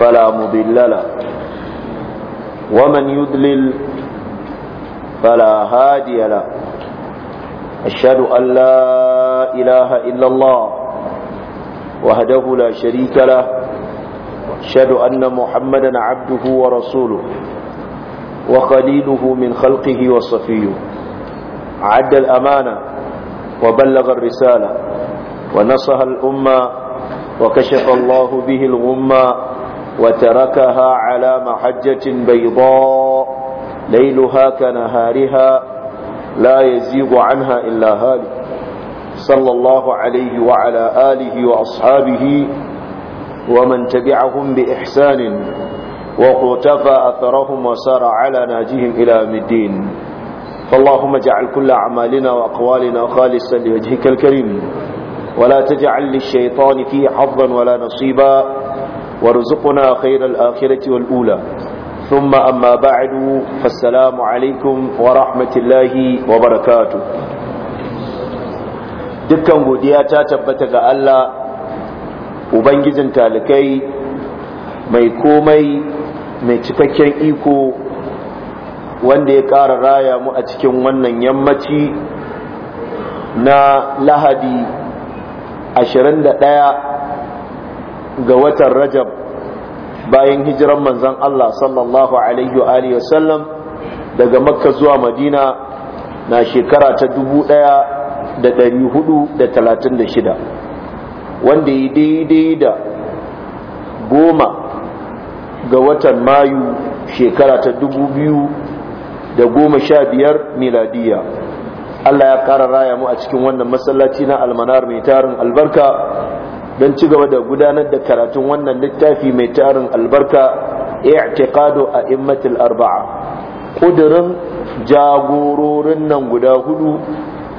فلا مضل له ومن يضلل فلا هادي له أشهد أن لا إله إلا الله وهده لا شريك له أشهد أن محمدا عبده ورسوله وخليله من خلقه وصفيه عد الأمانة وبلغ الرسالة ونصها الأمة وكشف الله به الغمّة وتركها على محجة بيضاء ليلها كنهارها لا يزيغ عنها إلا هالك صلى الله عليه وعلى آله وأصحابه ومن تبعهم بإحسان وقتفى أثرهم وسار على ناجهم إلى الدين فاللهم اجعل كل أعمالنا وأقوالنا خالصا لوجهك الكريم ولا تجعل للشيطان فيه حظا ولا نصيبا وارزقنا خير الآخرة والأولى ثم أما بعد فالسلام عليكم ورحمة الله وبركاته dukkan godiya ta tabbata ga Allah ubangijin talikai mai komai mai cikakken iko wanda ya ƙara raya mu a cikin wannan yammaci na lahadi ɗaya. ga watan rajab bayan hijiran manzon Allah sallallahu alaihi wa alihi wasallam daga makka zuwa madina na shekara ta 1436 wanda ya daidai da goma ga watan mayu shekara ta 2015 miladiya Allah ya ƙara raya mu a cikin wannan masallaci na almanar mai tarin albarka don ci gaba da gudanar da karatun wannan littafi mai tarin albarka i'tiqadu a immatul arba'a kudurin jagororin nan guda hudu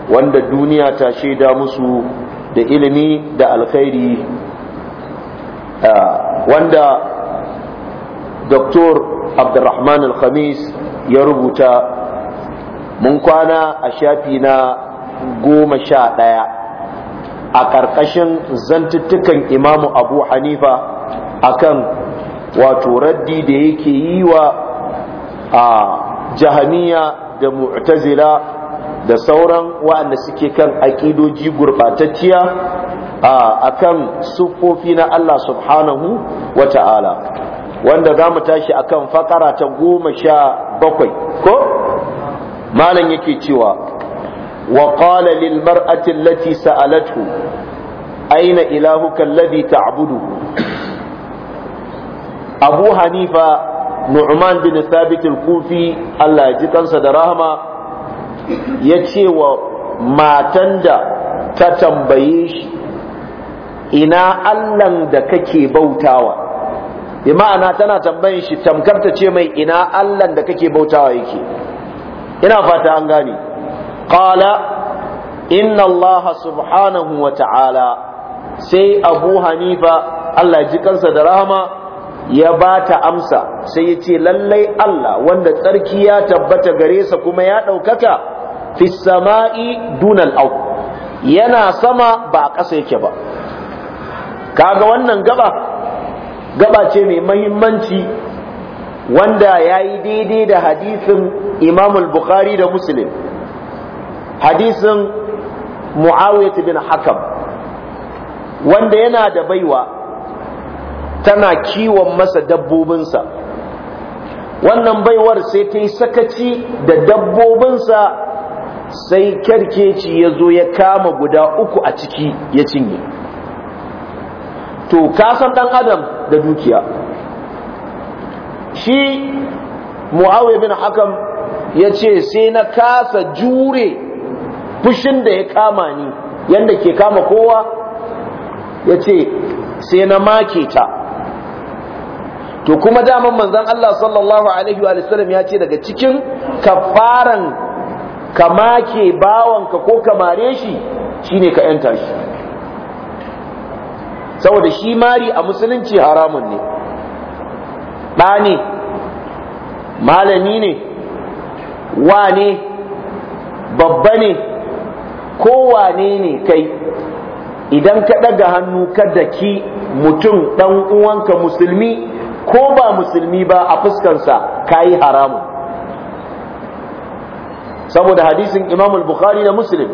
wanda duniya ta shaida musu da ilimi da alkhairi wanda doktor abdurrahman al-khamis ya rubuta mun kwana a shafi na goma sha ɗaya a ƙarƙashin zantuttukan imamu abu hanifa akan wato raddi da yake yi wa a jahamiya da mu'tazila da sauran wa'anda suke kan aƙidoji gurɓatacciya a akan siffofi na Allah subhanahu wa ta'ala wanda za mu tashi akan kan fakara ta goma sha bakwai ko malam yake cewa وقال للمرأة التي سألته أين إلهك الذي تعبده أبو حنيفة نعمان بن ثابت الكوفي الله يجتن صدرهما يتشي وما تندى تتنبيش ina allan da kake bautawa bi ma'ana tana tambayin shi tamkar ta ce mai ina allan da kake bautawa yake ina fata an gane qala inna subhanahu wa ta'ala sai Abu Hanifa Allah ji kansa da rahama ya ba ta amsa sai yace lallai Allah wanda tsarki ya tabbata gare sa kuma ya ɗaukaka fi sama'i dunal au yana sama ba ƙasa yake ba kaga wannan gaba gaba ce mai mahimmanci wanda ya yi daidai da hadisin imamul bukhari da muslim hadisin muawiyah bin hakam wanda yana da baiwa tana kiwon masa dabbobinsa wannan baiwar sai ta yi sakaci da dabbobinsa sai kyarkeci ya zo ya kama guda uku a ciki ya cinye to kasan ɗan adam da dukiya shi mu'awiyar bin hakan ya ce sai na kasa jure fushin da ya kama ni yanda ke kama kowa ya ce sai na make ta to kuma daman manzon Allah sallallahu alaihi wa sallam ya ce daga cikin kafaran ka make bawanka ko ka mare shi shine ka yanta shi saboda shi mari a musulunci haramun ne Ba ne malami ne wa ne babba ne kowane ne kai idan ka ɗaga hannu ka ki mutum ɗan uwanka musulmi ko ba musulmi ba a fuskansa ka yi haramu? saboda hadisin imam al-bukhari da muslim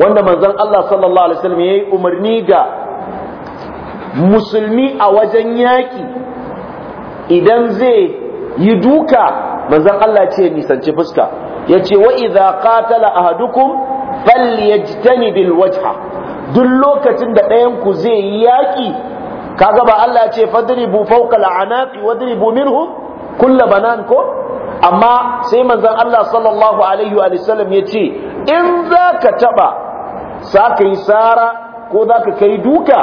wanda manzon Allah sallallahu alaihi wasallam yayi umarni ga musulmi a wajen yaki idan zai yi duka manzon Allah ce nisanci fuska yace wa idza qatala ahadukum bil wajha duk lokacin da ɗayan ku zai yi yaki kaga ba Allah ya ce fadribu fawqa al'anaqi wadribu minhum kullu banan ko amma sai manzon Allah sallallahu alaihi wa sallam ya ce in zaka taba sa ka yi sara ko zaka kai duka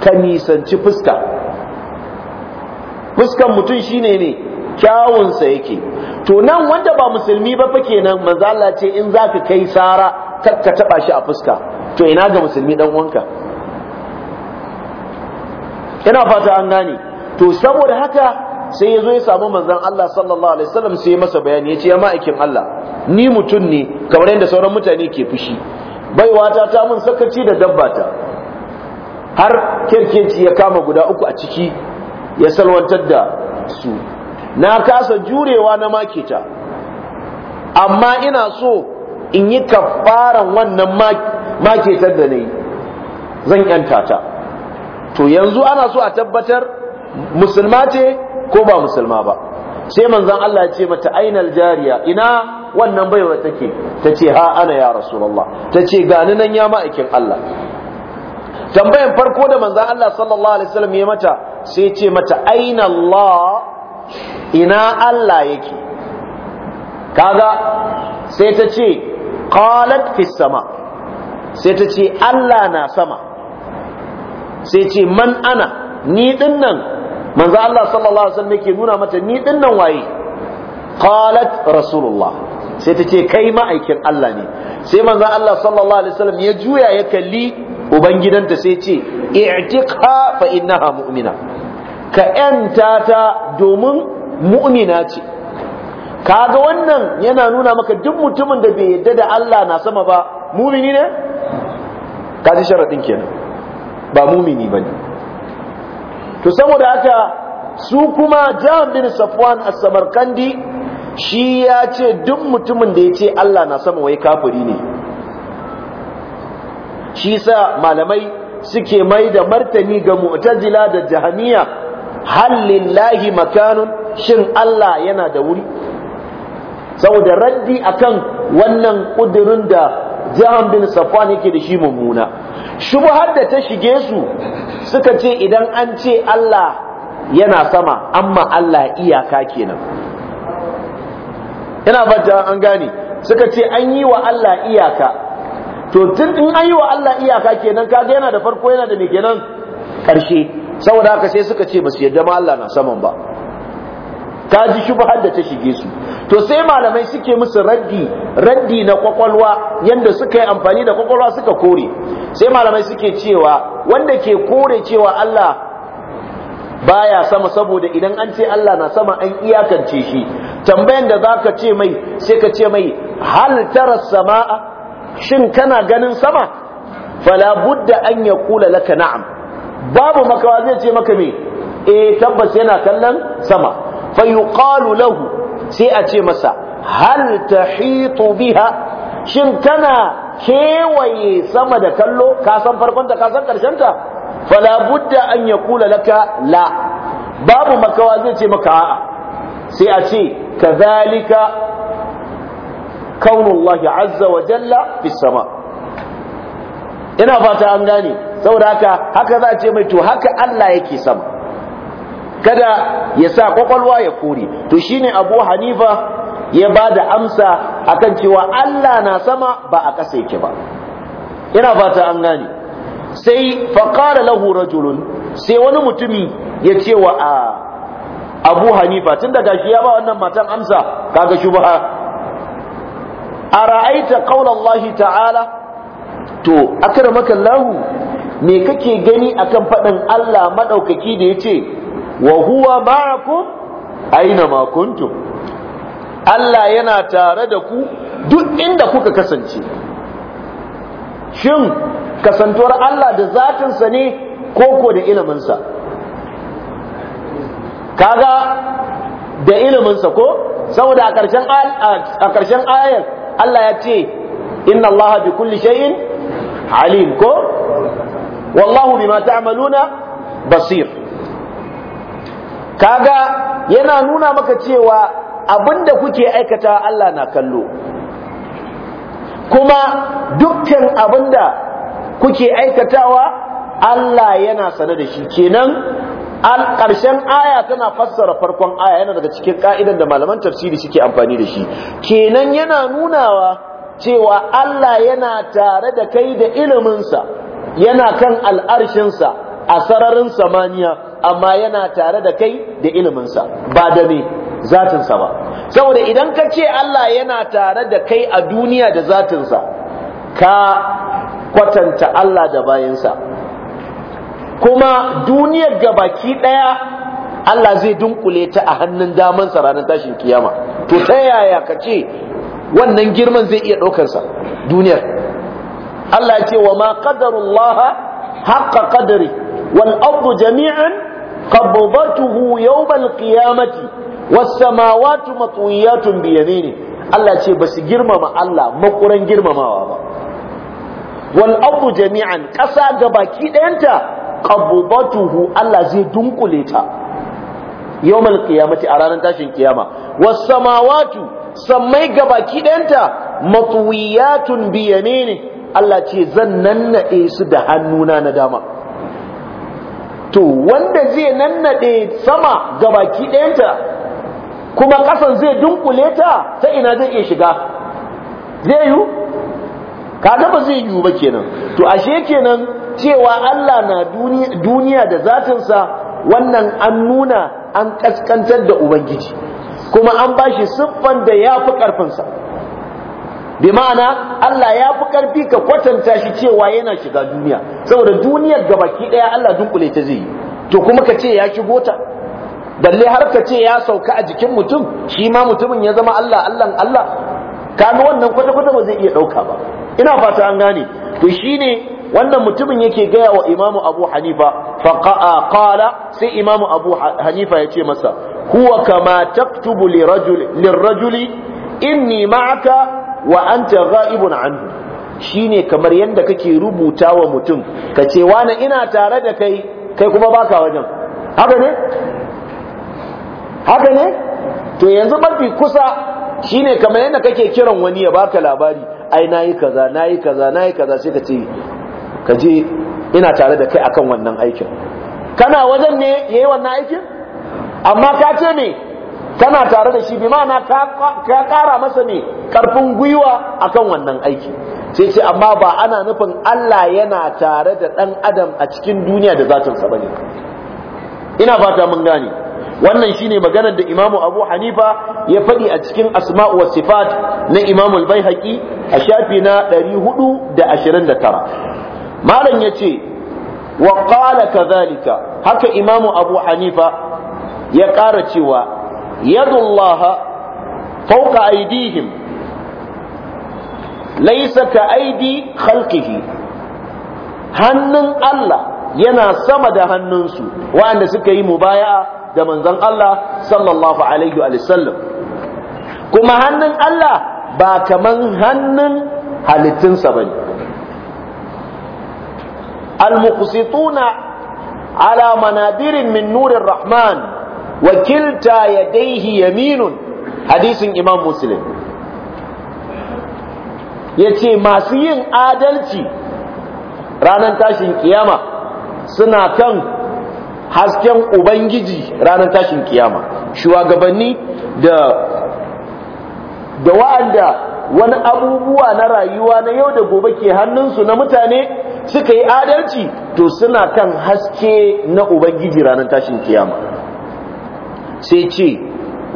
ka nisanci fuska fuskan mutum shine ne kyawunsa yake to nan wanda ba musulmi ba fa kenan manzo Allah ce in zaka kai sara ka taba shi a fuska to ina ga musulmi dan wanka? ina fata an gane to saboda haka sai ya zo ya samu manzon Allah sallallahu alaihi wasallam sai ya masa bayani ya ce ya ma'aikin Allah ni mutum ne kamar yadda sauran mutane ke fushi baiwata ta mun sakaci da dabba ta. har kirkeci ya kama guda uku a ciki ya salwantar da su na kasa jurewa na maketa amma ina so in yi kafaran wannan maketar da na yi zan yanta ta to yanzu ana so a tabbatar musulma ce ko ba musulma ba sai manzan Allah ya ce mata ainal jariya ina wannan baiwa take ta ce ha ana ya rasulallah ta ce gani nan ya ma'aikin Allah tambayan farko da manzan Allah sallallahu alaihi wasallam ya mata sai ce mata aina Allah ina Allah yake kaga sai ta ce qalat fis sama sai ta ce Allah na sama sai ce man ana ni din nan manzo Allah sallallahu alaihi wasallam yake nuna mata ni din nan waye qalat rasulullah sai ta ce kai ma'aikin Allah ne sai manzo Allah sallallahu alaihi wasallam ya juya ya kalli ubangidanta sai ce i'tiqa fa innaha mu'mina ka yanta ta domin mu'mina ce kaga wannan yana nuna maka duk mutumin da bai yadda da Allah na sama ba mumini ne ka sharadin kenan ba mumini bane to saboda haka su kuma Jahan bin Safwan as-Samarkandi shi ya ce duk mutumin da ya ce Allah na sama wai kafiri ne shi sa malamai suke mai da martani ga mu'tazila da jahmiya hal lillahi makanun shin Allah yana da wuri saboda raddi akan wannan kudirin da Jahan bin Safwan yake da shi mummuna shubhar da ta shige su suka ce idan an ce Allah yana sama amma Allah iyaka kenan ina fata an gane suka ce an yi wa Allah iyaka to tun in an yi wa Allah iyaka kenan kaga yana da farko yana da me kenan karshe saboda haka sai suka ce ba su yadda ma Allah na saman ba ta ji shubhar da ta shige su to sai malamai suke musu raddi raddi na kwakwalwa yanda suka yi amfani da kwakwalwa suka kore sai malamai suke cewa wanda ke kore cewa Allah baya sama saboda idan an ce Allah na sama an iyakance shi tambayan da zaka ce mai sai ka ce mai hal tara samaa shin kana ganin sama fala budda an yaqula laka na'am babu makawa zai ce maka me eh tabbas yana kallon sama fa yuqalu lahu sai a ce masa hal tahitu biha shin kana kewaye sama da kallo kasan farkonta farkon ta ka karshen ta fala budda an yaqula laka la babu makawa zai ce maka a'a sai a ce kadhalika kaunullahi azza wa jalla fi sama ina fata an gane saboda haka haka za a ce mai to haka Allah yake sama kada ya sa kwakwalwa ya kore to shine abu hanifa ya ba da amsa akan cewa Allah na sama ba a ƙasa yake ba ina fata an gane sai faƙara lahu rajulun sai wani mutumi ya ce wa a abu hanifa tun da gashi ya ba wannan matan amsa kaga shubha a ra'aita qaulallahi ta'ala to akramaka lahu me kake gani akan faɗin Allah maɗaukaki da yace Wahuwa huwa ma'akum aina Allah yana tare da ku duk inda kuka kasance shin kasantuwar Allah da zatinsa ne koko da iliminsa kaga da iliminsa ko saboda a ƙarshen ayar Allah ya ce inna Allah bi kulli shay'in alim ko wallahu bima ta'maluna basir kaga yana nuna maka cewa abinda kuke aikata Allah na kallo kuma dukkan abinda kuke aikatawa Allah yana sane da shi kenan al ƙarshen aya tana fassara farkon aya yana daga cikin ka'idan da malaman tafsiri suke amfani da shi kenan yana nunawa cewa Allah yana tare da kai da iliminsa yana kan al'arshinsa a sararin samaniya amma yana tare da kai da iliminsa ba da me zatinsa ba saboda idan ka ce Allah yana tare da kai a duniya da zatinsa ka kwatanta Allah da bayansa kuma duniyar gabaki ɗaya Allah zai dunkule ta a hannun damansa ranar tashin kiyama to ta yaya ka ce wannan girman zai iya ɗaukarsa duniyar Allah ce wa ma qadarullah haqqa qadri wal ardu jami'an qabdatuhu yawmal qiyamati was samawati matwiyatun bi yamini Allah ce basu girmama Allah makuran girmamawa ba wal ardu jami'an ƙasa gabaki ɗayanta qabdatuhu Allah zai dunkule ta yawmal qiyamati a ranar tashin kiyama was samawati sammai gabaki ɗayanta matwiyatun bi yamini Allah ce zan nannaɗe su da hannuna na dama to wanda zai nannade sama ga baki ɗayanta kuma ƙasan zai dunkule ta ta ina zai iya shiga zai yi kaga ba zai yiwu ba kenan to ashe kenan cewa Allah na duniya da zatinsa wannan an nuna an ƙasƙantar da ubangiji kuma an bashi siffan da ya yafi ƙarfinsa. bi ma'ana Allah ya fi karfi ka kwatanta shi cewa yana shiga duniya saboda duniyar gabaki ɗaya Allah dunkule ta zai to kuma ka ce ya shigo ta balle har ka ce ya sauka a jikin mutum shi ma mutumin ya zama Allah Allah Allah ka wannan kwata-kwata ba zai iya ɗauka ba ina fata an gane to shi ne wannan mutumin yake gaya wa imamu abu hanifa faƙala sai imamu abu hanifa ya ce masa huwa kama taktubu lirrajuli inni ma'aka wa anta ghaibun anhu shine kamar yanda kake rubuta wa mutum kace wani ina tare da kai kai kuma baka wajen haka ne haka ne to yanzu mafi kusa shine kamar yanda kake kiran wani ya baka labari ai nayi kaza nayi kaza nayi kaza sai ka ce ka je ina tare da kai akan wannan aikin kana wajen ne yayi wannan aikin amma ka ce me tana tare da shi bi ma'ana ka kara masa ne karfin gwiwa akan wannan aiki sai ce amma ba ana nufin Allah yana tare da ɗan adam a cikin duniya da zatinsa ba ne ina fata mun gane wannan shine maganar da imamu abu hanifa ya faɗi a cikin asma'u wa sifat na imamu albayhaqi a shafi na 429 malam ya ce wa qala kadhalika haka imamu abu hanifa ya ƙara cewa yadullaha fawqa aydihim laysa ka aidi khalqihi hannun Allah yana sama da hannunsu wa'anda suka yi mubaya'a da manzon Allah sallallahu alaihi wa sallam kuma hannun Allah ba kaman hannun halittunsa bane al-muqsituna ala manadirin min nurir rahman wakilta ya yadaihi yaminun hadisin imam muslim ya ce masu yin adalci ranar tashin kiyama suna kan hasken ubangiji ranar tashin kiyama shugabanni da da wa'anda wani abubuwa na rayuwa na yau da gobe ke hannunsu na mutane suka yi adalci to suna kan haske na ubangiji ranar tashin kiyama sai ce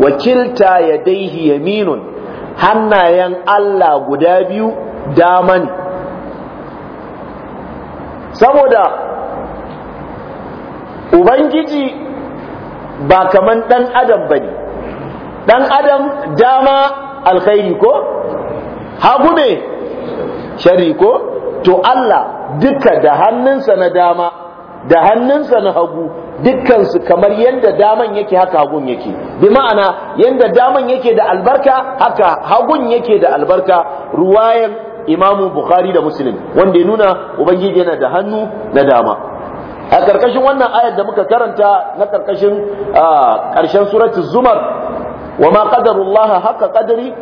wakilta ya daihi yaminun hannayen Allah guda biyu dama ne saboda ubangiji ba kaman ɗan adam ba ne ɗan adam dama alkhairi ko hagu ne shari ko to Allah duka da hannunsa na dama da hannunsa na hagu dukkansu kamar yadda daman yake haka hagun yake bi ma'ana yadda daman yake da albarka haka hagun yake da albarka ruwayan imamu bukhari da muslim wanda ya nuna ubangiji yana da hannu na dama a ƙarƙashin wannan ayar da muka karanta na karkashin karshen suratul zumar wa ma qadarullaha haka ƙadari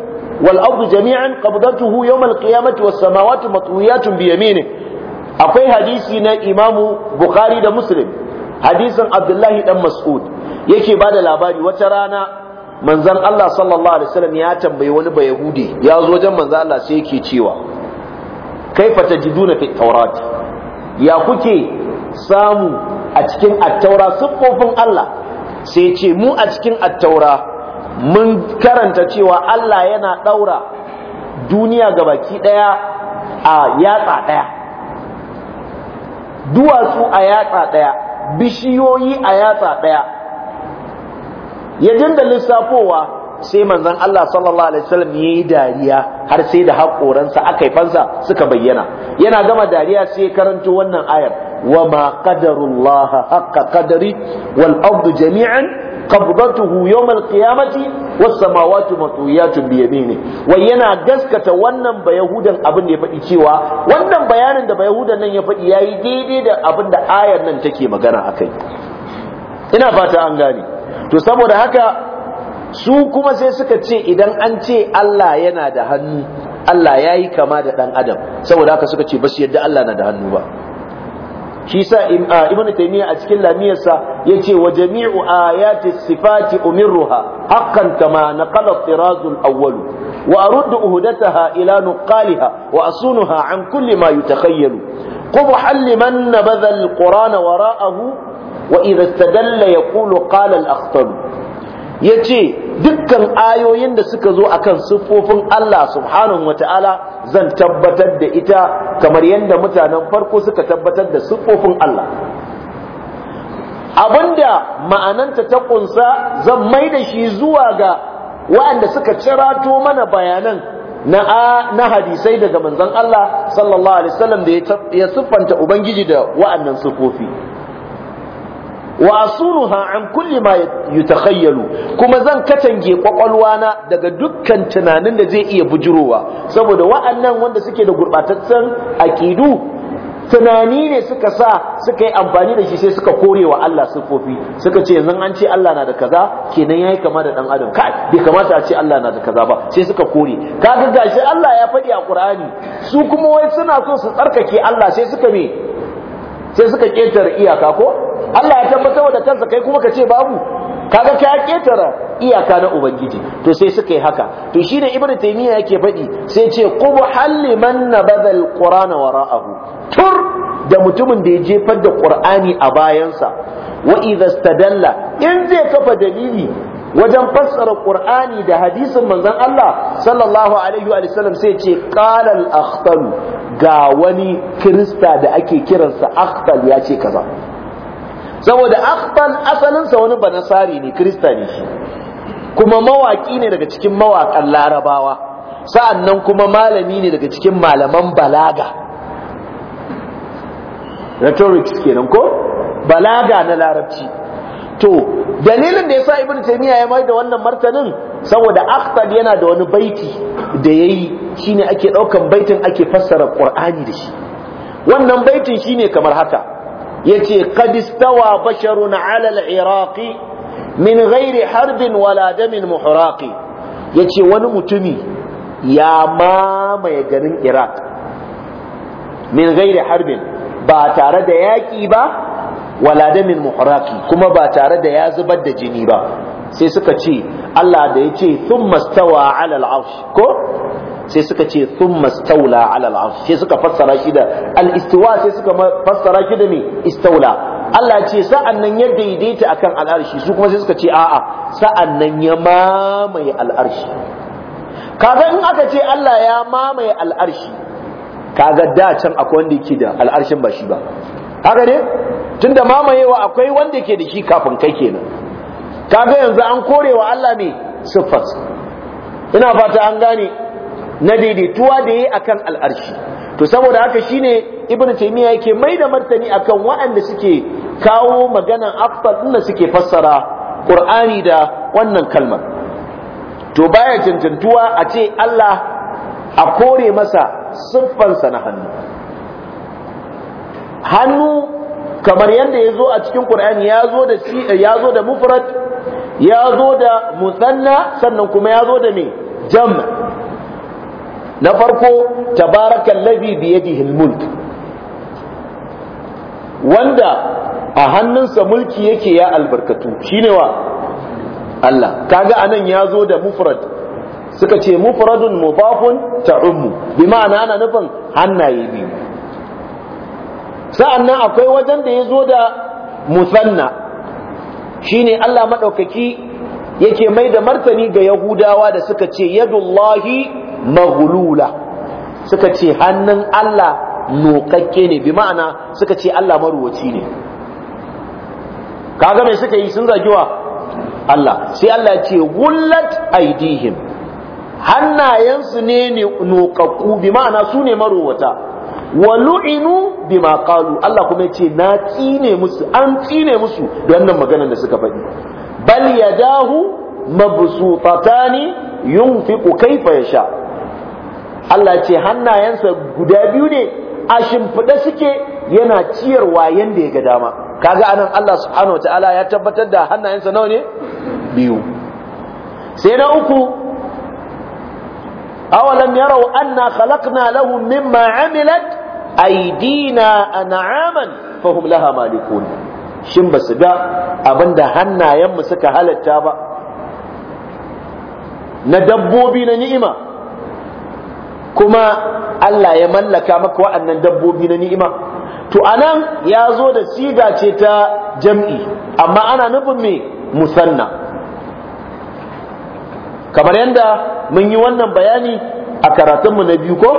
wal ardu jami'an qabdatuhu yawm al qiyamati was samawati matwiyatun bi yaminihi akwai hadisi na imamu bukhari da muslim hadisin abdullahi dan mas'ud yake ba da labari wata rana Manzon Allah sallallahu alaihi wasallam ya tambayi wani ba yahudi ya zo wajen manzan Allah sai yake cewa kaifa tajiduna fi tawrat ya kuke samu a cikin attaura siffofin Allah sai ce mu a cikin attaura mun karanta cewa Allah yana daura duniya ga baki daya a yatsa daya duwatsu a yatsa daya bishiyoyi a yatsa ɗaya ya dinda lissafowa sai manzon Allah sallallahu alaihi wasallam yi dariya har sai da haƙoransa aka fansa suka bayyana yana gama dariya sai ya karanto wannan ayar wa ma qadarullah haqqa qadari wal ardu jami'an qabdatuhu yawm al-qiyamati was samawati matwiyatun bi wai yana gaskata wannan ba yahudan abin da ya faɗi cewa wannan bayanin da bayahudan nan ya faɗi yayi daidai da abin da ayar nan take magana akai ina fata an gane to saboda haka su kuma sai suka ce idan an ce Allah yana da hannu Allah ya yi kama da ɗan adam saboda haka suka ce ba su yadda Allah na da hannu ba shi sa ibnu taymiya a cikin lamiyarsa yace wa jami'u ayati sifati umirruha haqqan kama naqala at-tiraz al-awwal wa arud uhdataha ila nuqaliha wa asunuha an kulli ma yutakhayyalu qubhan liman nabadha al-quran wara'ahu wa idha istadalla yaqulu qala al yace dukkan ayoyin da suka zo akan siffofin Allah subhanahu ta'ala zan tabbatar da ita kamar yadda mutanen farko suka tabbatar da sifofin Allah abinda ma'ananta ta ƙunsa zan mai da shi zuwa ga waɗanda suka cirato mana bayanan na na hadisai daga manzon Allah sallallahu alaihi wasallam da ya siffanta ubangiji da wa'annan siffofi wa asunuha an kulli ma yatakhayyalu kuma zan katange kwakwalwana daga dukkan tunanin da zai iya bujurowa saboda wa'annan wanda suke da gurbataccen aqidu tunani ne suka sa suka yi amfani da shi sai suka kore wa Allah sifofi suka ce yanzu an ce Allah na da kaza kenan yayi kama da dan adam kai bai kamata a ce Allah na da kaza ba sai suka kore kaga gashi Allah ya faɗi a Qur'ani su kuma wai suna so su tsarkake Allah sai suka me sai suka ketare iyaka ko Allah ya tabbatar da kansa kai kuma ka ce babu kaga ka ketara iyaka na ubangiji to sai suka yi haka to shine ibnu taymiya yake faɗi sai ce qubhal liman nabadha alqur'ana wara'ahu tur da mutumin da ya jefar da qur'ani a bayansa wa idza istadalla in zai kafa dalili wajen fassara qur'ani da hadisin manzon Allah sallallahu alaihi wa sallam sai ce qala al-akhtal ga wani krista da ake kiransa akhtal ya ce kaza saboda akhtal asalinsa wani banasari ne krista ne shi kuma mawaki ne daga cikin mawakan larabawa sa'annan kuma malami ne daga cikin malaman balaga rhetorics kenan ko balaga na larabci to dalilin da yasa ibnu taymiya ya mai da wannan martanin saboda akhtal yana da wani baiti da yayi shine ake daukan baitin ake fassara qur'ani da shi wannan baitin shine kamar haka yace qad istawa basharun ala al-iraqi min ghairi harbin wala damin muhraqi yace wani mutumi ya mamaye garin iraq min ghairi harbin ba tare da yaƙi ba wala damin muhraqi kuma ba tare da ya zubar da jini ba sai suka ce Allah da yace thumma stawa ala al-arsh ko sai suka ce sun staula alal al sai suka fassara shi da al sai suka fassara shi da me istaula Allah ce sa'an nan ya daidaita akan al'arshi su kuma sai suka ce a'a sa'an nan ya mamaye al'arshi kaga in aka ce Allah ya mamaye al'arshi kaga da can akwai wanda yake da al'arshin ba shi ba haka ne tunda mamayewa akwai wanda yake da shi kafin kai kenan kaga yanzu an korewa Allah ne siffas ina fata an gane na daidaituwa da yi a kan al'arshi to saboda haka shi ne, Ibn Taimiyya yake mai da martani kan waɗanda suke kawo maganan afdal da suke fassara ƙur'ani da wannan kalmar to baya cancantuwa a ce Allah a kore masa siffansa na hannu hannu kamar yadda ya zo a cikin ƙur'ani ya zo da ya zo da mufrad ya zo da musanna sannan kuma ya zo da me jam' na farko tabarakal ladhi bi yadihi mulk wanda a hannunsa mulki yake ya albarkatu shine wa Allah kaga anan ya zo da mufrad suka ce mufradun ta ummu bi ma'ana ana nufin hannaye biyu sa'annan akwai wajen da ya zo da musanna shine Allah maɗaukaki yake mai da martani ga Yahudawa da suka ce yadullahi maghlula suka ce hannun Allah nokakke ne bi ma'ana suka ce Allah maruwaci ne kaga me suka yi sun zagiwa Allah sai Allah ya ce gullat aidihim hannayensu ne ne nokakku bi ma'ana su ne marowata wa lu'inu bima qalu Allah kuma ya ce na tsine musu an tsine musu da wannan maganar da suka faɗi bal yadahu mabsutatani yunfiqu kayfa yasha Allah ce hannayensa guda biyu ne a shimfiɗe suke yana ciyarwa yanda ya ga dama kaga anan Allah subhanahu wataala ya tabbatar da hannayensa nawa ne biyu sai na uku awalam yarau anna khalaqna lahum mimma amilat aydina an'aman fahum laha malikun shin basu ga abinda hannayenmu suka halatta ba na dabbobi na ni'ima kuma Allah ya mallaka maka wa'annan dabbobi na ni'ima to anan ya zo da siga ce ta jam'i amma ana nufin me musanna kamar yadda mun yi wannan bayani a karatunmu na biyu ko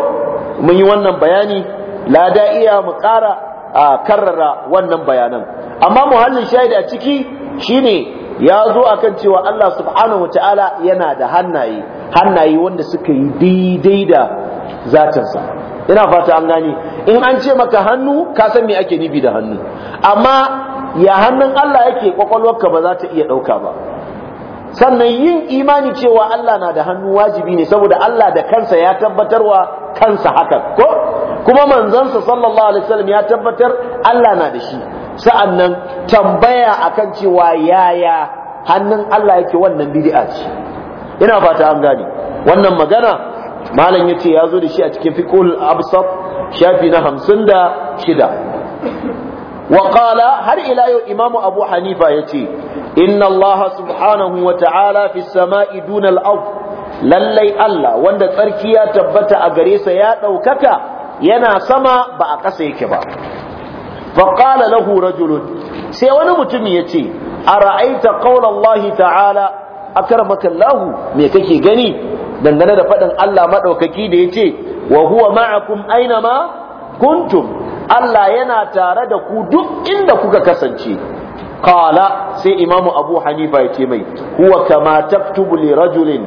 mun yi wannan bayani lada iya mu ƙara a karrara wannan bayanan amma muhallin shahidi a ciki shine ya zo akan cewa Allah subhanahu wa ta'ala yana da hannaye hannaye wanda suka yi daidai da zatinsa ina fata an gani in an ce maka hannu ka san me ake nufi da hannu amma ya hannun Allah yake kwakwalwarka ba za ta iya ɗauka ba sannan yin imani cewa Allah na da hannu wajibi ne saboda Allah da kansa ya tabbatarwa kansa haka ko kuma manzansa sallallahu alaihi wasallam ya tabbatar Allah na da shi sa'annan tambaya akan cewa yaya hannun Allah yake wannan bid'a ce ina fata an gane wannan magana malam yace ya zo da shi a cikin fiqhul absat shafi na 56 wa qala har ila yau imam abu hanifa yace inna allaha subhanahu wa ta'ala fi samai duna al-ard lallai allah wanda tsarki ya tabbata a gare sa ya daukaka yana sama ba a ƙasa yake ba فقال له رجل sai wani mutum yace أرأيت قول الله ta'ala. akramaka Allah me kake gani dangane da faɗin Allah madaukaki da yace wa huwa ma'akum aina ma kuntum Allah yana tare da ku duk inda kuka kasance Kala sai imamu abu hanifa yace mai huwa kama taktubu li rajulin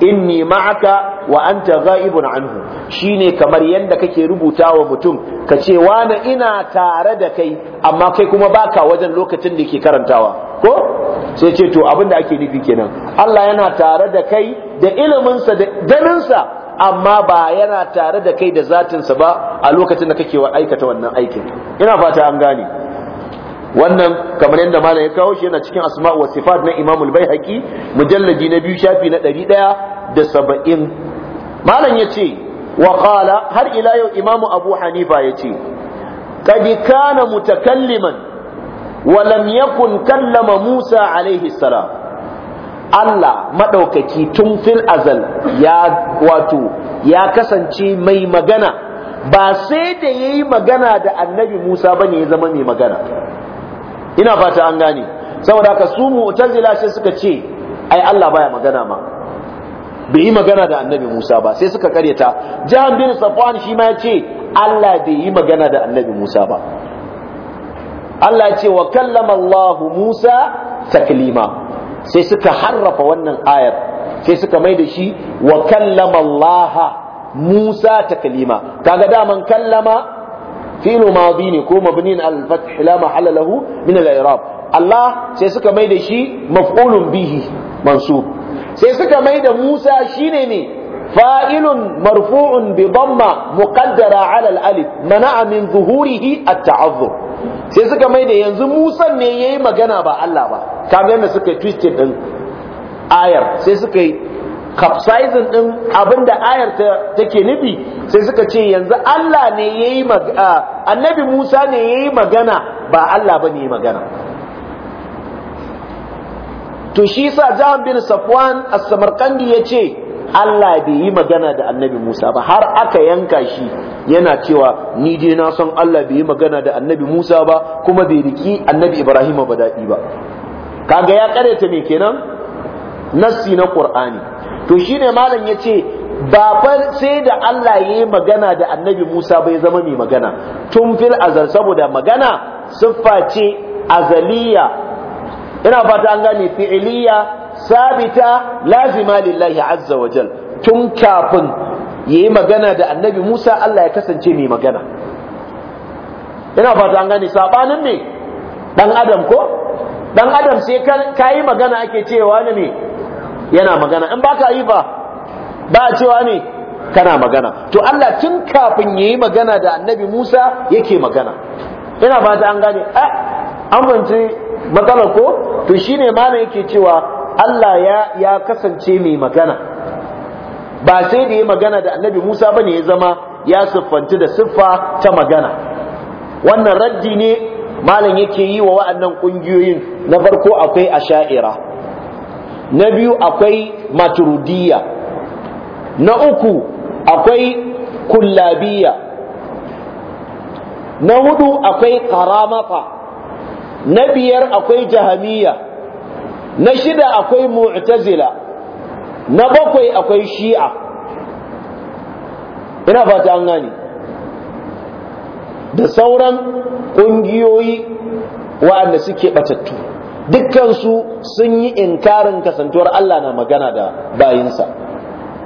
inni ma'aka wa anta ghaibun anhu shine kamar yanda kake rubuta wa mutum ka ce wani ina tare da kai amma kai kuma baka wajen lokacin da ke karantawa ko sai ce to abinda ake nufi kenan Allah yana tare da kai da iliminsa da sa amma ba yana tare da kai da zatinsa ba a lokacin da kake aikata wannan aikin ina fata an gane wannan kamar yadda malam ya kawo shi yana cikin asma wa sifat na Imam al-Baihaqi mujallaji na biyu shafi na 170 malam yace wa qala har ila yau Imam Abu Hanifa yace kad kana mutakalliman wa lam yakun kallama Musa alaihi salam Allah madaukaki tun fil azal ya wato ya kasance mai magana ba sai da yayi magana da annabi Musa bane ya zama mai magana ina fata an gane saboda haka su mu'tazila sai suka ce ai Allah baya magana ma bai yi magana da annabi Musa ba sai suka karyata Jahan bin Safwan shi ma ya ce Allah bai yi magana da annabi Musa ba Allah ya ce wa kallama Allah Musa taklima sai suka harrafa wannan ayar sai suka mai da shi wa kallama Allah Musa taklima kaga da man kallama fi'lu madi ne ko mabnin al fath la mahalla Allah sai suka mai da shi maf'ulun bihi mansub sai suka mai da Musa shine ne fa'ilun marfu'un bi damma muqaddara ala al alif mana'a min zuhurihi at ta'azzur sai suka mai da yanzu Musa ne yayi magana ba Allah ba kaga yadda suka twisted din ayar sai suka yi capsizing din abinda ayar ta take nufi sai suka ce yanzu Allah ne yayi annabi Musa ne yayi magana ba Allah bane yayi magana to shi sa Jahan bin Safwan as-Samarkandi yace Allah bai yi magana da Annabi Musa ba har aka yanka shi yana cewa ni dai na san Allah bai yi magana da Annabi Musa ba kuma bai riki Annabi Ibrahim ba daɗi ba kaga ya kareta me kenan nassi na Qur'ani to shine malam yace ba fa sai da Allah yayi magana da Annabi Musa bai zama mai magana tun fil azal saboda magana siffa ce azaliya ina fata an gane fi'iliya sabita lazima lillahi azza wa jal tun kafin yayi magana da Annabi Musa Allah ya kasance mai magana ina fata an gane sabanin me dan adam ko dan adam sai ka yi magana ake cewa ne yana magana in baka yi ba ba cewa ne kana magana to Allah tun kafin yayi magana da annabi Musa yake magana ina fata an gane eh an fahimci matsalar ko to shine malamin yake cewa Allah ya ya kasance mai magana ba sai da ya magana da annabi Musa bane ya zama ya siffanci da siffa ta magana wannan raddi ne malam yake yi wa waɗannan kungiyoyin na farko akwai asha'ira na biyu akwai maturudiya na uku akwai kullabiyya na hudu akwai karamata na biyar akwai jahamiya na shida akwai mu'tazila na bakwai akwai shi'a ina fata an gani da sauran ƙungiyoyi waɗanda suke ɓatattu dukkansu sun yi inkarin kasantuwar Allah na magana da bayinsa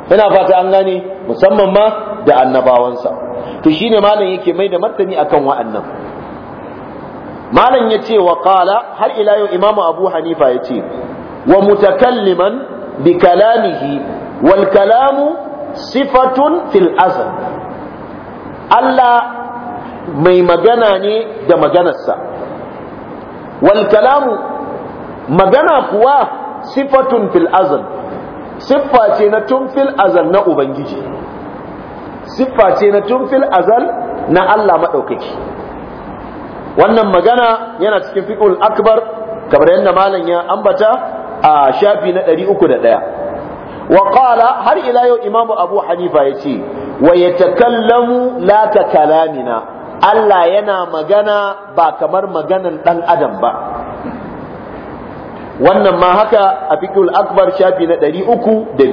ina fata an gane musamman ma da annabawansa to shine malam yake mai da martani akan wa'annan malam yace wa qala har ila yau imamu abu hanifa ya ce, wa mutakalliman bi kalamihi wal kalamu sifatun fil azal Allah mai magana ne da maganarsa wal kalamu magana kuwa sifatun fil azal siffa ce na tun fil azal na ubangiji siffa ce na tun fil azal na Allah maɗaukaki. wannan magana yana cikin fiqhul akbar kamar yadda malam ya ambata a shafi na ɗaya. wa qala har ila yau imamu abu hanifa ya wa yatakallamu la ka kalamina Allah yana magana ba kamar maganan ɗan adam ba wannan ma haka a fiqhul akbar shafi na ɗari uku da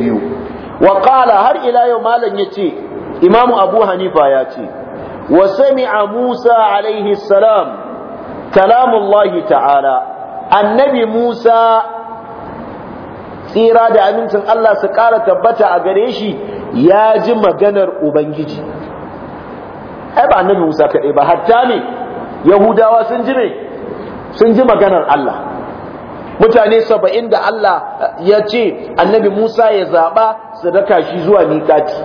wa qala har ila yau malam yace imamu abu hanifa ya ce wa a musa alaihi salam kalamullahi ta'ala annabi musa tsira da amincin Allah su ƙara tabbata a gare shi ya ji maganar ubangiji ai ba annabi musa kaɗai ba hatta ne yahudawa sun ji ne sun ji maganar Allah mutane saba'in da Allah eh, ya ce annabi Musa ya zaɓa sadaka shi zuwa miƙati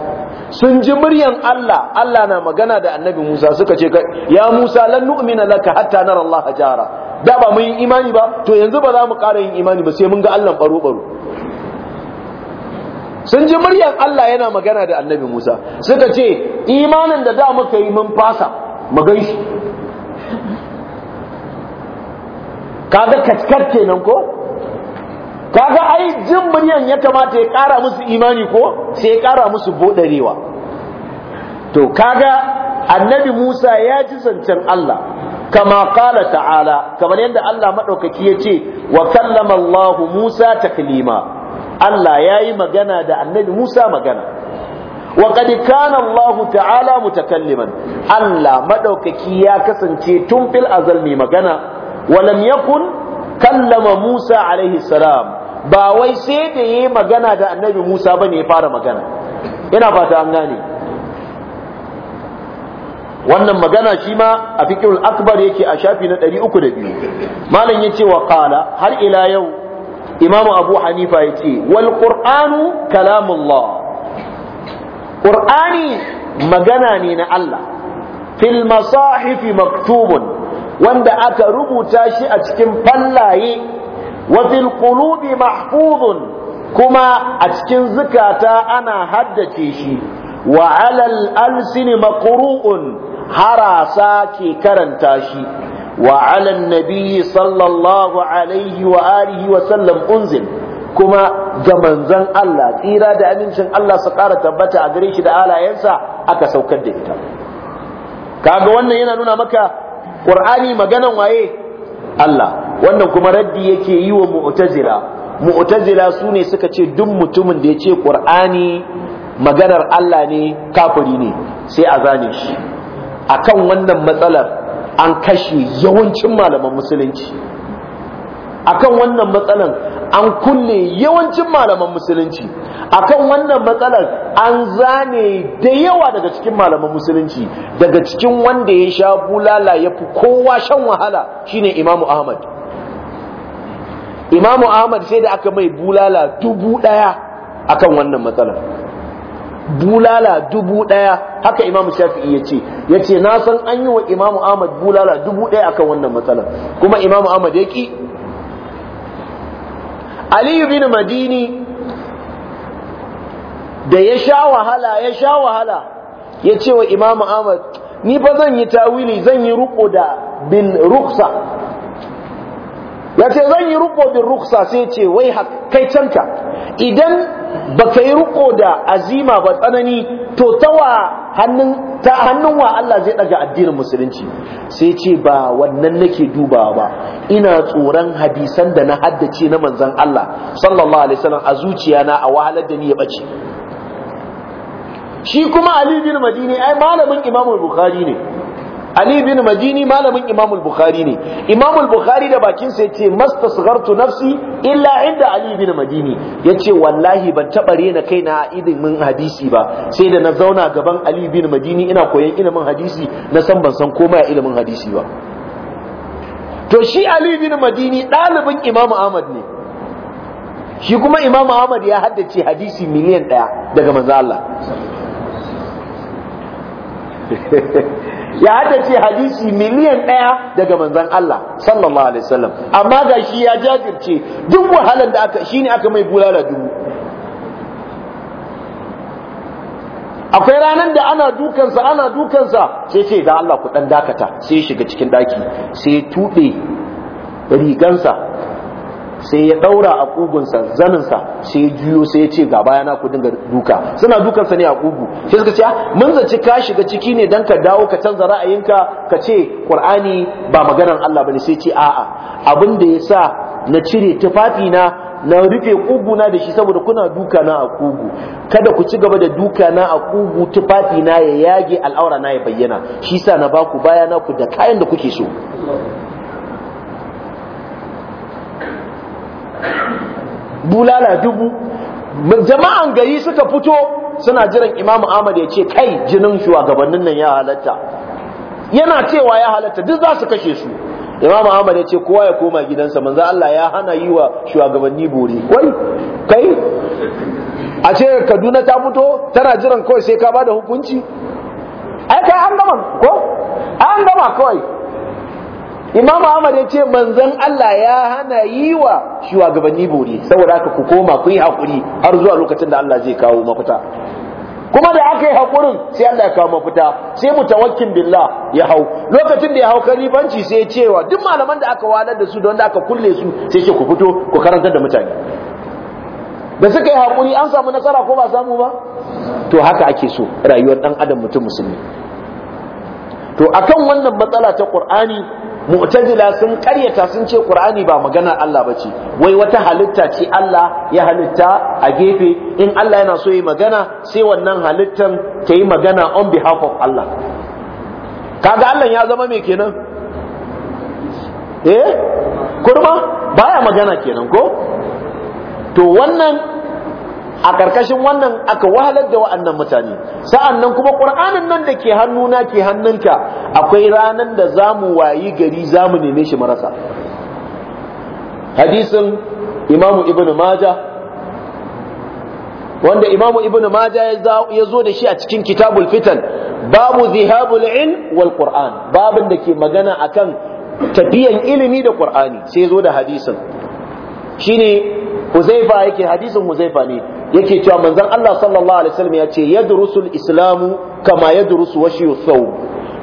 sun ji muryan Allah Allah na magana da annabi Musa suka ce ya Musa lan nu'mina laka hatta nara Allah jara da ba mun yi imani ba to yanzu ba za mu ƙara yin imani ba sai mun ga Allah baro baro sun ji muryan Allah yana magana da annabi Musa suka ce imanin da da muka yi mun fasa mu gaishe. kaga kackat kenan ko kaga ai jin muryan ya kamata ya kara musu imani ko sai ya kara musu bodarewa to kaga annabi Musa ya ji zancen Allah kama kala ta'ala kamar yadda Allah maɗaukaki ya ce wa kallama Allah Musa taklima Allah ya yi magana da annabi Musa magana wa qad kana Allah ta'ala mutakalliman Allah maɗaukaki ya kasance tun fil azal mai magana walam yakun kallama Musa alaihi salam ba wai sai da yayi magana da annabi Musa ne ya fara magana ina fata an gane wannan magana shi ma a fiqhul akbar yake a shafi na 302 malam yace wa kala har ila yau imamu abu hanifa yace wal qur'anu kalamullah qur'ani magana ne na Allah fil masahifi maktubun wanda aka rubuta shi a cikin fallaye wa fil qulubi mahfuzun kuma a cikin zukata ana haddace shi wa alal alsini maqru'un harasa ke karanta shi wa alan nabiyyi sallallahu alaihi wa alihi wa sallam unzil kuma ga manzon Allah tsira da amincin Allah su ƙara tabbata a gare shi da alayensa aka saukar da ita kaga wannan yana nuna maka qur'ani maganan waye Allah wannan kuma raddi yake yi wa mu'tazila mu'tazila su suka ce duk mutumin da ya ce qur'ani maganar Allah ne kafiri ne sai a zane shi akan wannan matsalar an kashe yawancin malaman musulunci akan wannan matsalan an kulle yawancin malaman musulunci akan wannan matsalar an zane da yawa daga cikin malaman musulunci daga cikin wanda ya sha bulala ya fi kowa shan wahala shine imamu ahmad imamu ahmad sai da aka mai bulala dubu daya akan wannan matsalar bulala dubu daya haka imamu shafi'i ya ce ya ce na san an yi wa imamu ahmad bulala dubu daya akan wannan matsalar kuma imamu ahmad ya ki aliyu bin madini da ya sha wahala ya sha wahala ya ce wa imamu ahmad ni fa zan yi tawili zan yi ruko da bin ruksa ya ce zan yi ruko bin ruksa sai ce wai kai canka idan ba ka yi ruko da azima ba tsanani to wa hannun ta hannun wa Allah zai daga addinin musulunci sai ce ba wannan nake dubawa ba ina tsoron hadisan da na haddace na manzon Allah sallallahu alaihi wasallam a zuciyana a wahalar da ni ya bace shi kuma ali bin madini ai malamin imamul bukhari ne ali bin madini malamin imamul bukhari ne Imam bukhari da bakin sa yace mastasghartu nafsi illa inda ali bin madini yace wallahi ban taba rena kaina a ilimin hadisi ba sai da na zauna gaban ali bin madini ina koyon ilimin hadisi na san ban san komai a ilimin hadisi ba to shi ali bin madini ɗalibin imam ahmad ne shi kuma imam ahmad ya haddace hadisi miliyan ɗaya daga manzo Allah ya haddace hadisi miliyan ɗaya daga manzan Allah sallallahu alaihi wasallam amma ga shi ya jajirce duk wahalar da aka ne aka mai bulala dubu akwai ranar da ana dukansa ana dukansa sai ce da Allah ku ɗan dakata sai shiga cikin ɗaki, sai tuɗe rigansa sai ya daura a kugunsa zaninsa sai ya juyo sai ya ce ga bayana ku dinga duka suna dukansa ne a kugu sai suka ce ah, mun zaci ka shiga ciki ne dan ka dawo ka canza ra'ayinka ka ce qur'ani ba maganar Allah bane sai ce a'a abin da yasa na cire tufafi na na rufe na da shi saboda kuna duka na a kugu kada ku ci gaba da duka na a kugu tufafi na ya yage al'aura na ya bayyana shi sa na baku baya na ku da kayan da kuke so bulala dubu jama'an gari suka fito suna jiran imamu ahmad ya ce kai jinin shugabannin nan ya halatta yana cewa ya halatta duk za su kashe su imamu ahmad ya ce kowa ya koma gidansa manzo Allah ya hana yi wa shugabanni bore wai kai a ce kaduna ta fito tana jiran kawai sai ka bada hukunci ai kai an gama ko an gama kawai Imam Ahmad ya ce manzon Allah ya hana yi wa shugabanni bore saboda haka ku koma ku yi hakuri har zuwa lokacin da Allah zai kawo mafita kuma da aka yi hakurin sai Allah ya kawo mafita sai mutawakkin billah ya hau lokacin da ya hau kalibanci sai ya cewa duk malaman da aka walar da su da wanda aka kulle su sai ce ku fito ku karantar da mutane da suka yi hakuri an samu nasara ko ba samu ba to haka ake so rayuwar dan adam mutum musulmi to akan wannan matsala ta Qur'ani mu'tazila sun karyata sun ce qur'ani ba magana Allah bace wai wata halitta ce Allah ya halitta a gefe in Allah yana so yi magana sai wannan halittan ta yi magana on behalf of Allah kaga Allah ya zama me kenan eh kurma baya magana kenan ko to wannan a ƙarƙashin wannan aka wahalar da wa'annan mutane sa'an nan kuma ƙur'anin nan da ke hannuna ke hannunka akwai ranar da za mu wayi gari za mu neme shi marasa hadisin imamu Ibn maja wanda imamu Ibn maja ya zo da shi a cikin kitabul fitan babu zihabul in wal qur'an babin da ke magana akan tafiyan ilimi da qur'ani sai ya zo da hadisin shine Huzaifa yake hadisin Huzaifa ne yake cewa manzon Allah sallallahu alaihi wasallam ya ce yadrusul islamu kama yadrusu washiyu thawb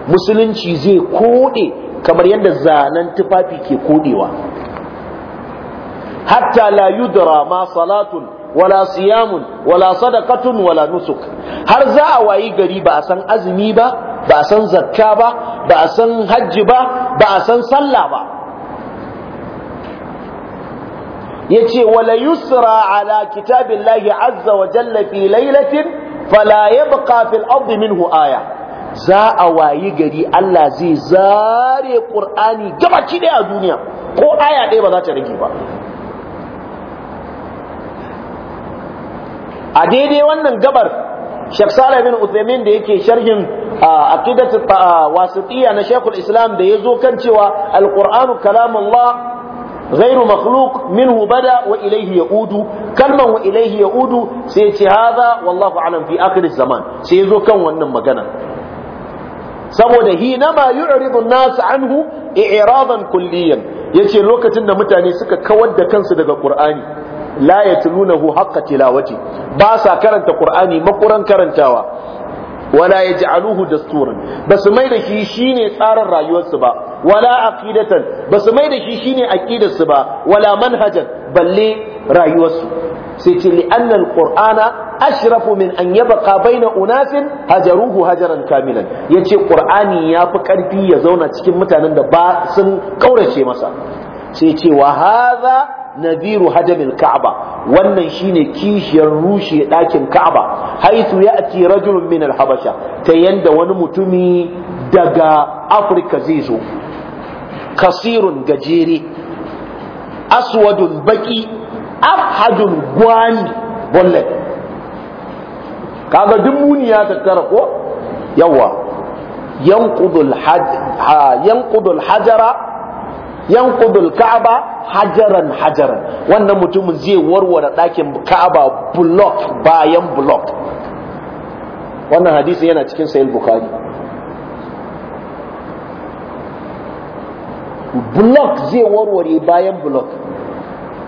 musulunci zai kode kamar yadda zanen tufafi ke kodewa hatta la yudra ma salatun wala siyamun wala sadaqatun wala nusuk har za a wayi gari ba a san azumi ba ba a san zakka ba ba a san hajji ba ba a san sallah ba yace wala yusra ala kitabillahi azza wa jalla fi lailatin fala yabqa fil ardi minhu aya za a wayi gari Allah zai zare Qur'ani gabaki ɗaya a duniya ko aya ɗaya ba za ta rage ba a daidai wannan gabar Sheikh Salih bin Uthaymeen da yake sharhin a wasitiyya na Sheikhul Islam da yazo kan cewa al-Qur'anu kalamullah غير مخلوق منه بدا واليه يعود كلمه واليه يعود سيتي هذا والله اعلم في اخر الزمان سيزو كان wannan magana saboda hinama yu'ridu an-nas anhu i'radan kulliyan yace lokacin da mutane suka kawar da kansu daga qur'ani la yatlunahu haqqa tilawati ba sa karanta qur'ani makuran karantawa wala yaj'aluhu dasturan basu mai da shi shine tsarin rayuwarsu ba wala aqidatan ba su mai da shi shine aqidar su ba wala manhajan balle rayuwarsu sai ce li anna alqur'ana ashrafu min an yabqa baina unasin hajaruhu hajaran kamilan yace qur'ani yafi karfi ya zauna cikin mutanen da ba sun kaurace masa sai ce wa hadha nadhiru hajamil ka'aba wannan shine kishiyar rushe dakin ka'aba haitu ya'ti rajulun min alhabasha. habasha ta yanda wani mutumi daga afirka zai zo kasirun gajere aswadun baki afhadun gwani bullet kaga duk muni ya tattara ko yawa yanqudul haj yanqudul hajara yanqudul ka'aba hajaran hajaran wannan mutumin zai warware ɗakin ka'aba block bayan block wannan hadisi yana cikin sahih bukhari block zai warware bayan block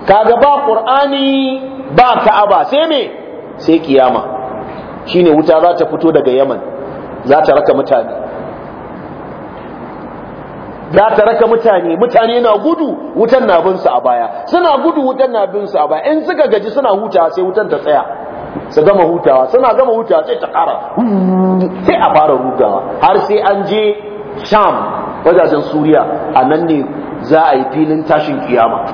kaga ba qur'ani ba ka'aba sai me sai kiyama shine wuta za ta fito daga yaman za ta raka mutane za ta raka mutane mutane na gudu wutan na bin su a baya suna gudu wutan na bin su a baya in suka gaji suna hutawa sai wutan ta tsaya su gama hutawa suna gama hutawa sai ta kara sai a fara hutawa har sai an je sham wajajen suriya a nan ne za a yi filin tashin kiyama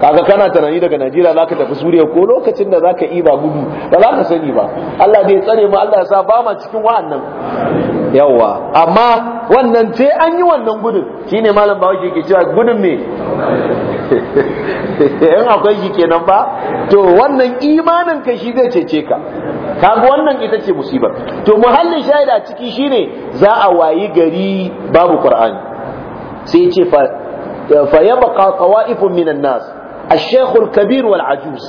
kaga kana tunani daga najeriya za ka tafi suriya ko lokacin da za ka ba gudu ba za ka sani ba allah bai tsare mu allah ya sa ba ma cikin wa'annan Yawwa. amma wannan te an yi wannan gudun shine malam bawa ke cewa gudun me in akwai shi kenan ba to wannan imanin ka shi zai cece ka kaga wannan ita ce musibar to muhallin shaida ciki shine za a wayi gari babu qur'ani sai ce fa fa yabqa tawa'ifun minan nas ash-shaykh al-kabir wal ajuz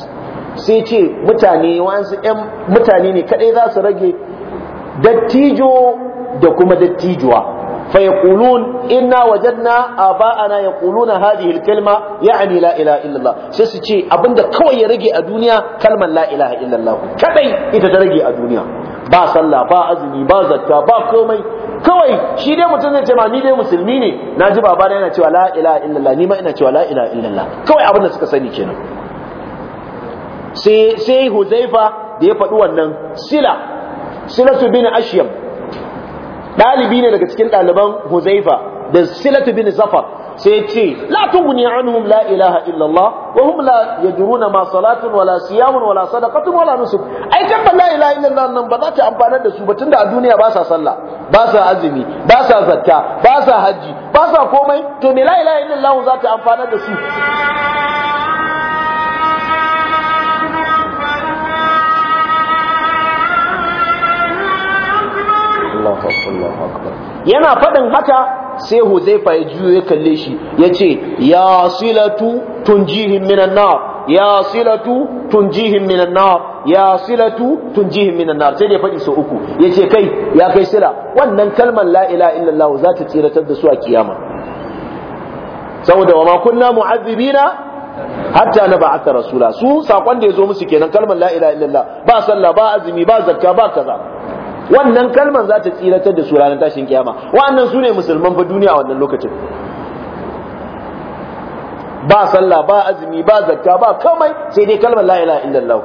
sai ce mutane wasu yan mutane ne kadai za su rage dattijo da kuma dattijuwa فيقولون إنا وجدنا آباءنا يقولون هذه الكلمة يعني لا إله إلا الله سيسيتي أبند كوي يرجي الدنيا كلمة لا إله إلا الله كبي يتترجي الدنيا با صلى با أزمي با زكا با كومي كوي شيري متنزل تمامي دي مسلميني ناجب أبانا أنا تيوى لا إله إلا الله نيما أنا تيوى لا إله إلا الله كوي أبند سكساني كينا سي سي هزيفة دي فتوى النم سلا سلة بين أشيم ɗalibi ne daga cikin ɗaliban huzaifa da silatu bin zafar sai ce la tughni anhum la ilaha illallah wa hum la yajruna ma salatun wala siyamun wala sadaqatun wala nusuk ai ba la ilaha illallah nan ba za ta amfanar da su ba tunda a duniya ba sa sallah ba sa azumi ba sa zakka ba sa haji ba sa komai to me la ilaha illallah za ta amfanar da su yana faɗin haka sai Huzaifa ya juyo ya kalle shi ya ce ya silatu tunjihim minan nar ya silatu tunjihim minan nar ya silatu tunjihim minan nar sai da ya faɗi sau uku ya ce kai ya kai sila wannan kalmar La'ila ilaha illallah za ta tsiratar da su a kiyama saboda wa ma kunna mu'azzibina hatta na ba'atha rasula su sakon da zo musu kenan kalmar La'ila illallah ba sallah ba azumi ba zakka ba kaza wannan kalmar za ta tsiratar da su ranar tashin kiyama wa'annan su ne musulman fa duniya a wannan lokacin ba sallah ba azumi ba zakka ba kamai sai dai kalmar la ilaha illallah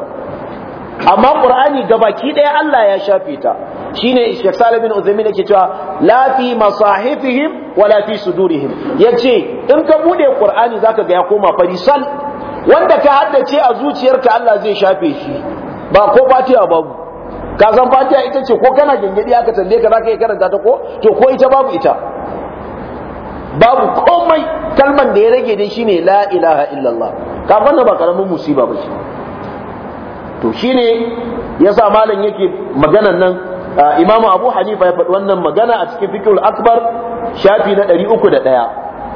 amma qur'ani gabaki daya Allah ya shafe ta shine Sheikh Salih bin Uthaymeen yake cewa la fi masahifihim wa la fi sudurihim yace in ka bude qur'ani zaka ga ya koma farisal wanda ka haddace a zuciyarka Allah zai shafe shi ba ko fatiha babu ka san fatiha ita ce ko kana gingidi aka tambaye ka zaka yi karanta ta ko to ko ita babu ita babu komai kalman da ya rage dai shine la ilaha illallah ka wannan ba karamin musiba ba shi to shine yasa malam yake maganan nan imamu abu hanifa ya faɗi wannan magana a cikin fiqhul akbar shafi na ɗari uku da ɗaya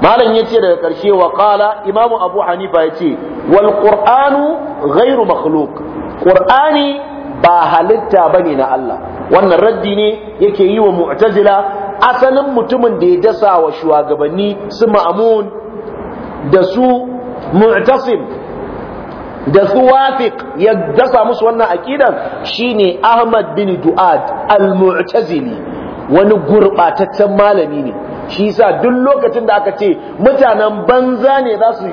malam yace daga ƙarshe wa qala imamu abu hanifa yace wal qur'anu ghairu makhluq qur'ani ba halitta ba ne na Allah wannan raddi ne yake yi wa mu'tazila asalin mutumin da ya dasa wa shugabanni su ma'amun da su mu'tasim da su wafiq ya dasa musu wannan aqidan shine Ahmad bin Duad al-Mu'tazili wani gurbataccen malami ne shi yasa duk lokacin da aka ce mutanen banza ne za su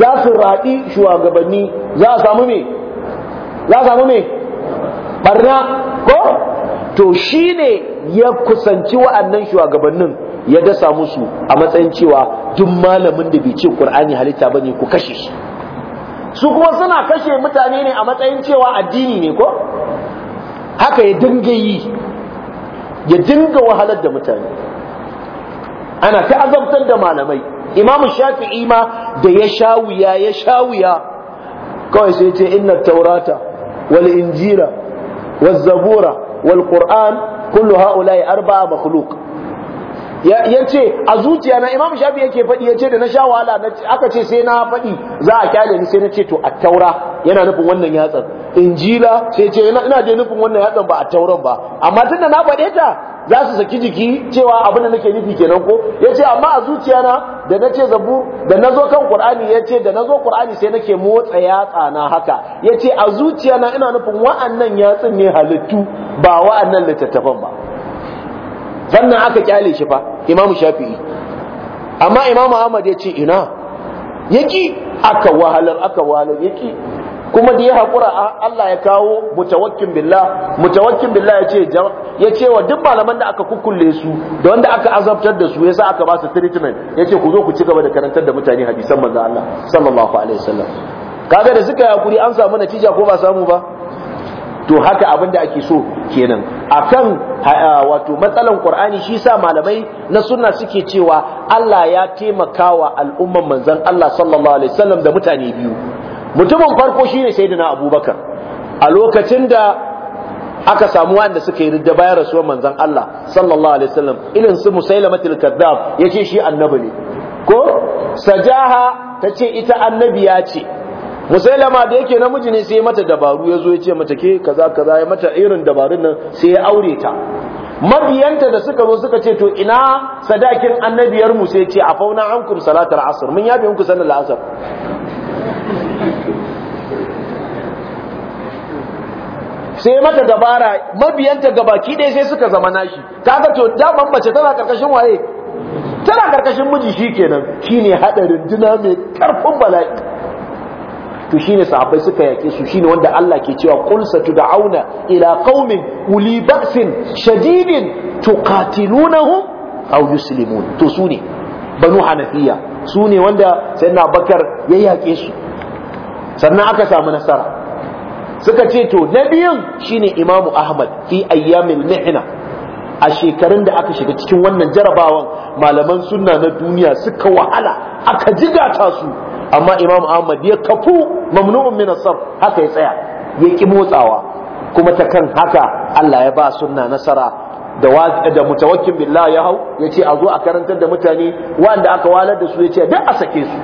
za su raɗi shugabanni za su samu me za a samu me barna ko to shine ya kusanci wa'annan shugabannin ya dasa musu a matsayin cewa duk malamin da bai ce Qur'ani halitta bane ku kashe shi su kuma suna kashe mutane ne a matsayin cewa addini ne ko haka ya dinga yi ya dinga wahalar da mutane ana ta azabtar da malamai imamu shafi'i ma da ya shawuya ya shawuya kawai sai ce inna taurata wal injira والزبورة والقرآن كل هؤلاء أربعة مخلوق ya ce a zuciya na imam shafi yake faɗi ya ce da na sha wahala aka ce sai na faɗi za a kyale ni sai na ce to a taura yana nufin wannan yatsan injila sai ce ina je nufin wannan yatsan ba a tauran ba amma tunda na faɗe ta za su saki jiki cewa abin da nake nufi kenan ko ce amma a zuciya na da nace zabur da nazo kan qur'ani yace da nazo qur'ani sai nake motsa yatsa na haka yace a zuciya na ina nufin wa'annan yatsun ne halittu ba wa'annan littattafan ba sannan aka kyale shi fa imamu shafi'i amma imamu ahmad yace ina yaki aka wahalar aka wahalar yaki kuma da ya haƙura Allah ya kawo mutawakkin billah mutawakkin billah ya ce ya ce wa duk malaman da aka kukkulle su da wanda aka azabtar da su yasa aka ba su treatment ya ce ku zo ku ci gaba da karantar da mutane hadisan manzo Allah sallallahu alaihi wasallam kaga da suka yi hakuri an samu natija ko ba samu ba to haka abin da ake so kenan akan wato matsalan qur'ani shi sa malamai na sunna suke cewa Allah ya taimakawa al'umman manzon Allah sallallahu alaihi wasallam da mutane biyu mutumin farko shi shine sayyidina abubakar a lokacin da aka samu wanda suka yi da bayan rasuwar manzan Allah sallallahu alaihi wasallam irin su musailamatul ya yace shi annabi ne ko sajaha tace ita annabiya ce musailama da yake namiji ne sai mata dabaru ya zo ya ce mata ke kaza kaza ya mata irin dabarun nan sai ya aure ta mabiyanta da suka zo suka ce to ina sadakin annabiyar mu sai ce a fauna ankum salatar asr mun yabe muku sallar asr sai mata dabara mabiyanta ga baki ɗaya sai suka zama nashi kaga to daman mace tana karkashin waye tana karkashin miji shikenan shine hadarin dina mai karfin bala'i to shine sahabbai suka yake su shine wanda Allah ke cewa qul satud'auna ila qaumin uli ba'sin shadidin tuqatilunahum aw yuslimun to sune banu hanafiya sune wanda sayyidina bakar ya yake su sannan aka samu nasara suka ce to na biyun shine imamu ahmad fi ayyamin mihna a shekarun da aka shiga cikin wannan jarabawan malaman sunna na duniya suka wahala aka jigata su amma imamu ahmad ya kafu mamnu'un min haka ya tsaya ya ki motsawa kuma ta kan haka Allah ya ba suna nasara da da mutawakkin billah ya hau yace a zo a karantar da mutane wanda aka walar da su yace duk a sake su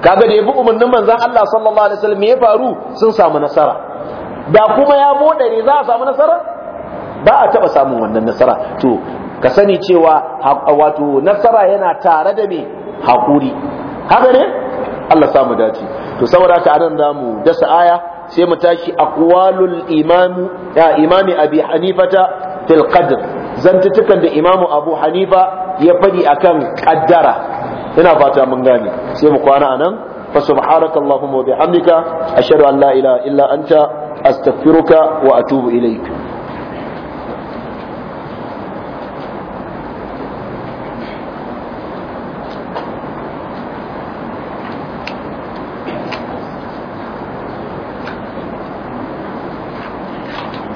kaga da ya bi umarnin manzon Allah sallallahu alaihi wasallam ya faru sun samu nasara da kuma ya ne za a samu nasara ba a taba samun wannan nasara to ka sani cewa wato nasara yana tare da me hakuri kaga ne Allah samu dace to saboda haka anan zamu dasa aya sai mu tashi aqwalul imam ya imami abi hanifata fil qadr zantutukan da imamu abu hanifa ya fadi akan qaddara ina fata mun gane sai mu kwana anan fa subhanakallahumma wa bihamdika ashhadu an la ilaha illa anta astaghfiruka wa atubu ilaik